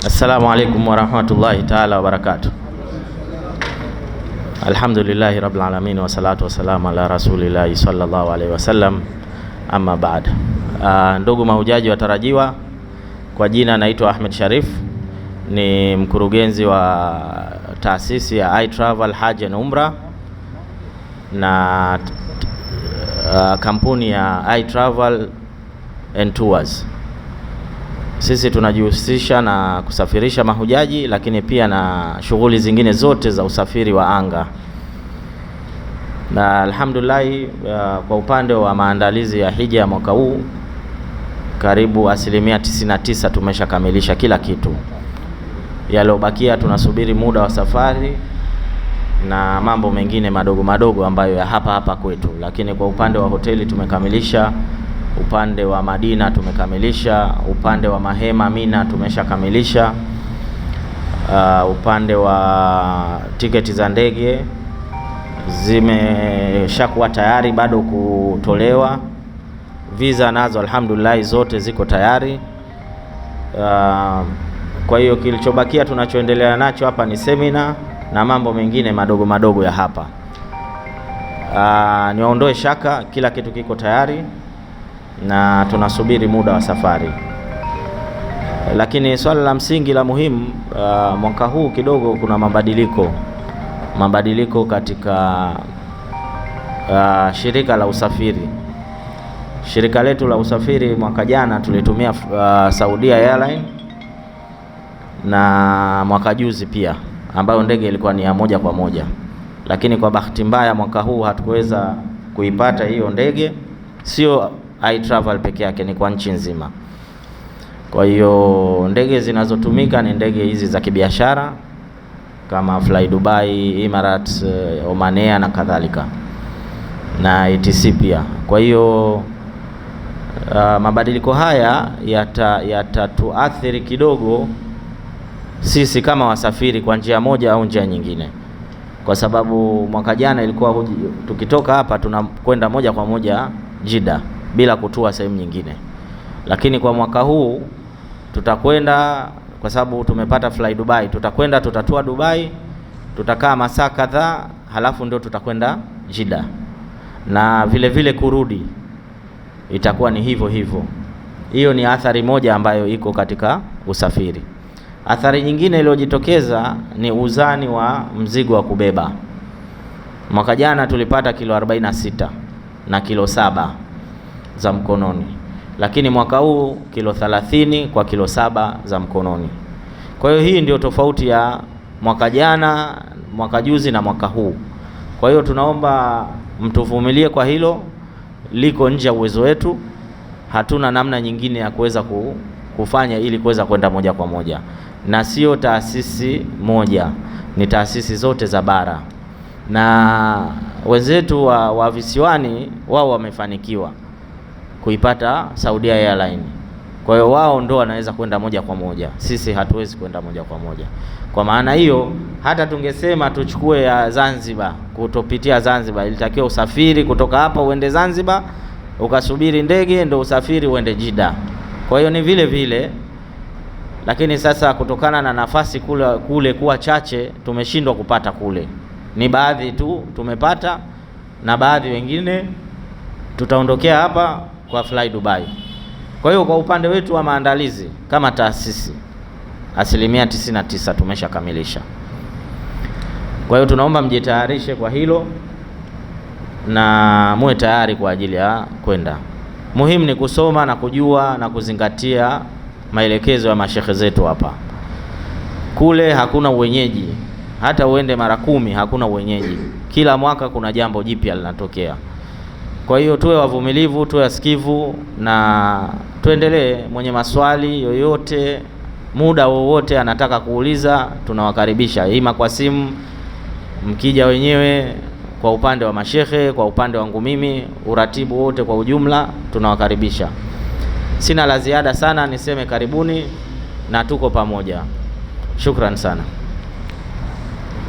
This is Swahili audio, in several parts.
Assalamu alaikum warahmatullahi taala wabarakatuh. Alhamdulillahi rabbil alamin wassalatu wassalamu ala rasulillahi sallallahu alaihi wasallam, amma baad. Uh, ah, ndugu mahujaji watarajiwa, kwa jina naitwa Ahmed Sharif, ni mkurugenzi wa taasisi ya I Travel Hajj and Umra na uh, kampuni ya I Travel and Tours sisi tunajihusisha na kusafirisha mahujaji, lakini pia na shughuli zingine zote za usafiri wa anga na alhamdulillah, uh, kwa upande wa maandalizi ya hija ya mwaka huu karibu asilimia 99 tumeshakamilisha kila kitu. Yaliyobakia tunasubiri muda wa safari na mambo mengine madogo madogo ambayo ya hapa hapa kwetu, lakini kwa upande wa hoteli tumekamilisha upande wa Madina tumekamilisha, upande wa mahema Mina tumeshakamilisha, uh, upande wa tiketi za ndege zimeshakuwa tayari bado kutolewa. Visa nazo alhamdulillah zote ziko tayari. Uh, kwa hiyo kilichobakia tunachoendelea nacho hapa ni semina na mambo mengine madogo madogo ya hapa. Uh, niwaondoe shaka, kila kitu kiko tayari na tunasubiri muda wa safari. Lakini swala la msingi la muhimu uh, mwaka huu kidogo kuna mabadiliko mabadiliko katika uh, shirika la usafiri. Shirika letu la usafiri mwaka jana tulitumia uh, Saudia Airline na mwaka juzi pia, ambayo ndege ilikuwa ni ya moja kwa moja, lakini kwa bahati mbaya mwaka huu hatukuweza kuipata hiyo ndege, sio travel peke yake, ni kwa nchi nzima. Kwa hiyo ndege zinazotumika ni ndege hizi za kibiashara kama Fly Dubai, Emirates, eh, Oman Air na kadhalika na ETC pia. Kwa hiyo uh, mabadiliko haya yatatuathiri yata kidogo sisi kama wasafiri kwa njia moja au njia nyingine, kwa sababu mwaka jana ilikuwa tukitoka hapa tunakwenda moja kwa moja Jida bila kutua sehemu nyingine. Lakini kwa mwaka huu tutakwenda kwa sababu tumepata fly Dubai, tutakwenda tutatua Dubai, tutakaa masaa kadhaa, halafu ndio tutakwenda Jida na vile vile kurudi itakuwa ni hivyo hivyo. Hiyo ni athari moja ambayo iko katika usafiri. Athari nyingine iliyojitokeza ni uzani wa mzigo wa kubeba. Mwaka jana tulipata kilo 46 na kilo saba za mkononi, lakini mwaka huu kilo 30 kwa kilo saba za mkononi. Kwa hiyo hii ndio tofauti ya mwaka jana, mwaka juzi na mwaka huu. Kwa hiyo tunaomba mtuvumilie kwa hilo, liko nje ya uwezo wetu, hatuna namna nyingine ya kuweza kufanya ili kuweza kwenda moja kwa moja, na sio taasisi moja, ni taasisi zote za bara na wenzetu wa, wa visiwani wao wamefanikiwa kuipata Saudi Airline. Kwa hiyo wao ndo wanaweza kwenda moja kwa moja, sisi hatuwezi kwenda moja kwa moja. Kwa maana hiyo, hata tungesema tuchukue ya Zanzibar, kutopitia Zanzibar, ilitakiwa usafiri kutoka hapa uende Zanzibar, ukasubiri ndege ndo usafiri uende Jida. Kwa hiyo ni vile vile, lakini sasa kutokana na nafasi kule, kule kuwa chache tumeshindwa kupata kule. Ni baadhi tu tumepata na baadhi wengine tutaondokea hapa kwa Fly Dubai. Kwa hiyo kwa upande wetu wa maandalizi kama taasisi asilimia 99 tumeshakamilisha. Kwa hiyo tunaomba mjitayarishe kwa hilo na muwe tayari kwa ajili ya kwenda. Muhimu ni kusoma na kujua na kuzingatia maelekezo ya mashehe zetu hapa. Kule hakuna uwenyeji, hata uende mara kumi, hakuna uwenyeji. Kila mwaka kuna jambo jipya linatokea. Kwa hiyo tuwe wavumilivu, tuwe wasikivu na tuendelee. Mwenye maswali yoyote, muda wowote anataka kuuliza, tunawakaribisha, ima kwa simu, mkija wenyewe kwa upande wa mashehe, kwa upande wangu mimi, uratibu wote kwa ujumla tunawakaribisha. Sina la ziada sana, niseme karibuni na tuko pamoja. Shukran sana.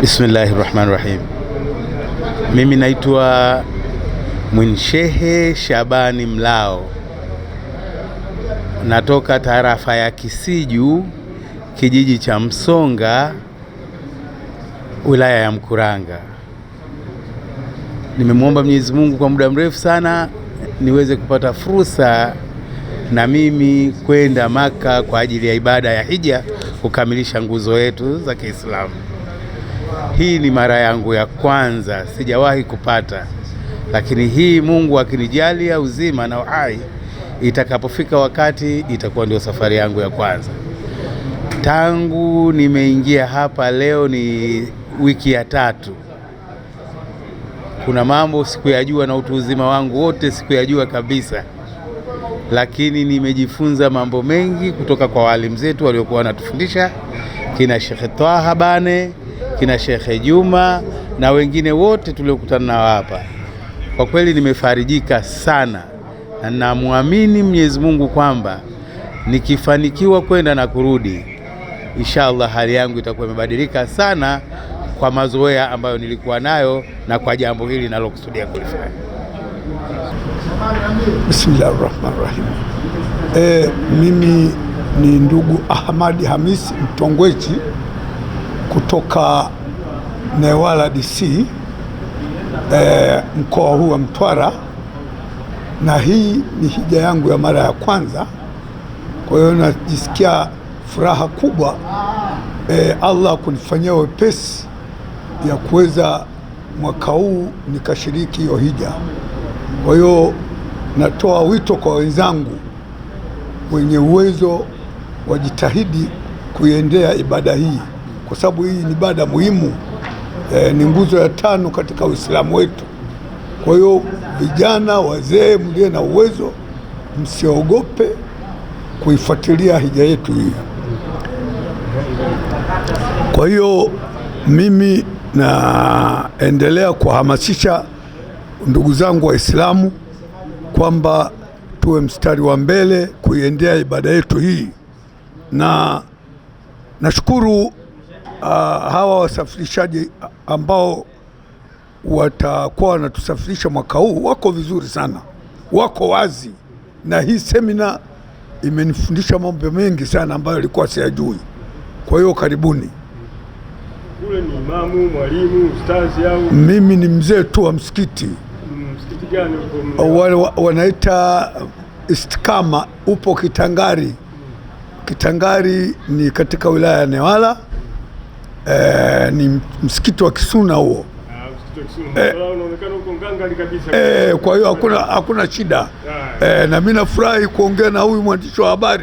Bismillahi rahmani rahim. Mimi naitwa Mwinshehe Shabani Mlao, natoka tarafa ya Kisiju, kijiji cha Msonga, wilaya ya Mkuranga. Nimemwomba Mwenyezi Mungu kwa muda mrefu sana niweze kupata fursa na mimi kwenda Maka kwa ajili ya ibada ya hija kukamilisha nguzo yetu za Kiislamu. Hii ni mara yangu ya kwanza, sijawahi kupata, lakini hii Mungu akinijalia uzima na uhai, itakapofika wakati itakuwa ndio safari yangu ya kwanza. Tangu nimeingia hapa, leo ni wiki ya tatu. Kuna mambo sikuyajua na utu uzima wangu wote sikuyajua kabisa, lakini nimejifunza mambo mengi kutoka kwa walimu zetu waliokuwa wanatufundisha kina Sheikh Twaha Bane kina Shekhe Juma na wengine wote tuliokutana nao hapa. Kwa kweli nimefarijika sana na namwamini Mwenyezi Mungu kwamba nikifanikiwa kwenda na kurudi, inshallah hali yangu itakuwa imebadilika sana kwa mazoea ambayo nilikuwa nayo na kwa jambo hili nalokusudia kulifanya. bismillahi Rahmanir Rahim. E, eh, mimi ni ndugu Ahmadi Hamisi Mtongwechi kutoka Newala DC e, eh, mkoa huu wa Mtwara, na hii ni hija yangu ya mara ya kwanza. Kwa hiyo najisikia furaha kubwa e, Allah kunifanyia wepesi ya kuweza mwaka huu nikashiriki hiyo hija. Kwa hiyo natoa wito kwa wenzangu wenye uwezo wajitahidi kuiendea ibada hii kwa sababu hii ni ibada muhimu e, ni nguzo ya tano katika Uislamu wetu. Kwa hiyo vijana, wazee, mliye na uwezo, msiogope kuifuatilia hija yetu hii. Kwa hiyo mimi naendelea kuwahamasisha ndugu zangu Waislamu kwamba tuwe mstari wa mbele kuiendea ibada yetu hii, na nashukuru uh, hawa wasafirishaji ambao watakuwa wanatusafirisha mwaka huu wako vizuri sana, wako wazi, na hii semina imenifundisha mambo mengi sana ambayo alikuwa siyajui. Kwa hiyo karibuni. Kule ni imamu, mwalimu, ustazi au mimi ni mzee tu wa msikiti? Mm, msikiti gani uko? Uh, wale wanaita Istikama, upo Kitangari. Kitangari ni katika wilaya ya Newala eh, ni msikiti wa Kisuna huo ah, eh, eh, kwa hiyo hakuna hakuna shida ah. eh, na mimi nafurahi kuongea na huyu mwandishi wa habari